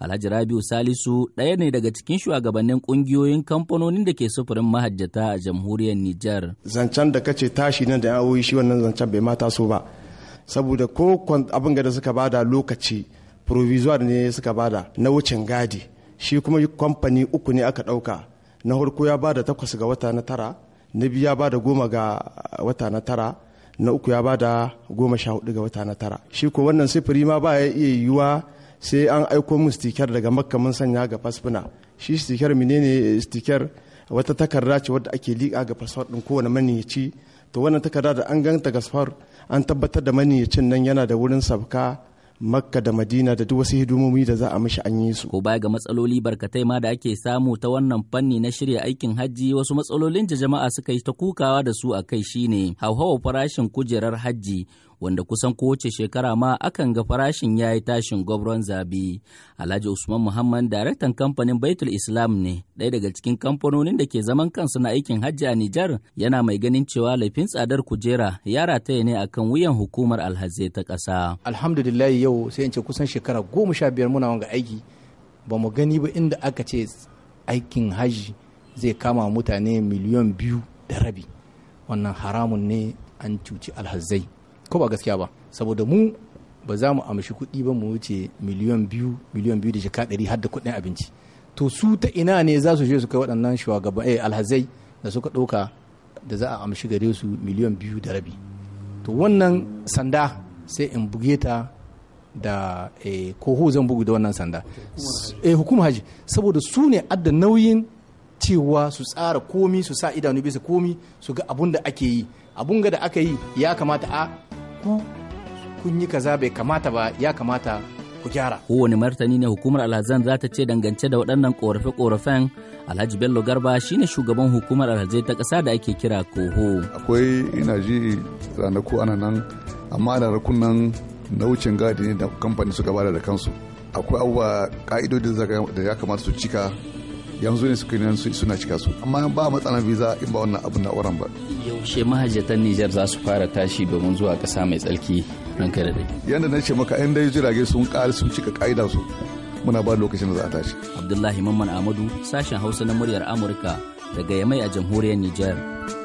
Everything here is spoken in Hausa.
Alhaji Rabiu Salisu ɗaya ne daga cikin shugabannin ƙungiyoyin kamfanonin da ke sufurin mahajjata a jamhuriyar Nijar. Zancen da kace tashi nan da yawoyi shi wannan zancen bai mata so ba. Saboda ko abin da suka bada lokaci provisoire ne suka bada na wucin gadi shi kuma kamfani uku ne aka ɗauka na farko ya bada takwas ga wata na tara na biyu ya bada goma ga wata na tara na uku ya bada goma sha hudu ga wata na tara shi ko wannan sifiri ma ba ya iya yiwuwa sai an aiko mu stikar daga makka mun sanya ga fasfuna shi stiker menene stiker wata takarda ce wadda ake liƙa ga fasfar ɗin kowane maniyaci to wannan takarda da an ganta gasfar an tabbatar da maniyacin nan yana da wurin sabka makka da madina da duk wasu hidimomi da za a mishi an yi su. ko baya ga matsaloli barkatai ma da ake samu ta wannan fanni na shirya aikin hajji wasu matsalolin da jama'a suka yi ta kukawa da su a kai shine hauhawar farashin kujerar hajji wanda kusan kowace shekara ma akan ga farashin ya yi tashin gwabron zabi. Alhaji Usman Muhammad daraktan kamfanin Baitul Islam ne, ɗaya daga cikin kamfanonin da ke zaman kansu na aikin hajji a Nijar yana mai ganin cewa laifin tsadar kujera ya rataya ne akan wuyan hukumar alhazai ta ƙasa. Alhamdulillahi yau sai in ce kusan shekara goma sha biyar muna wanga aiki ba mu gani ba inda aka ce aikin hajji zai kama mutane miliyan biyu da rabi wannan haramun ne an cuci alhazai ko ba gaskiya ba saboda mu ba za mu amshi kuɗi ba mu wuce miliyan biyu miliyan biyu da jaka ɗari har da kuɗin abinci to su ta ina ne za su je su kai waɗannan shugaban eh alhazai da suka ɗauka da za a amshi gare su miliyan biyu da rabi to wannan sanda sai in buge ta da eh, koho zan bugu da wannan sanda eh, hukumar haji saboda su ne adda nauyin cewa su tsara komi su sa idanu bisa komi su ga abun da ake yi abun ga da aka yi ya kamata a ku kun yi kaza bai kamata ba ya kamata ku gyara. Kowane martani ne hukumar alhazan za ta ce dangance da waɗannan ƙorafe-ƙorafen Alhaji Bello Garba shine shugaban hukumar alhazai ta ƙasa da ake kira Koho. Akwai ina ji ranaku ana nan amma ana rakunan na wucin gadi ne da kamfani suka bada da kansu. Akwai abubuwa ka'idodin da ya kamata su cika yanzu ne suka nan suna cika su amma ba matsalan visa in ba wannan abun na ba yaushe mahajjatan Nijar za su fara tashi domin zuwa kasa mai tsarki kare da yanda na ce maka in dai jirage sun ƙare sun cika ƙa'ida su muna ba lokacin da za a tashi Abdullahi Mamman ahmadu sashen Hausa na muryar Amurka daga Yamai a jamhuriyar Nijar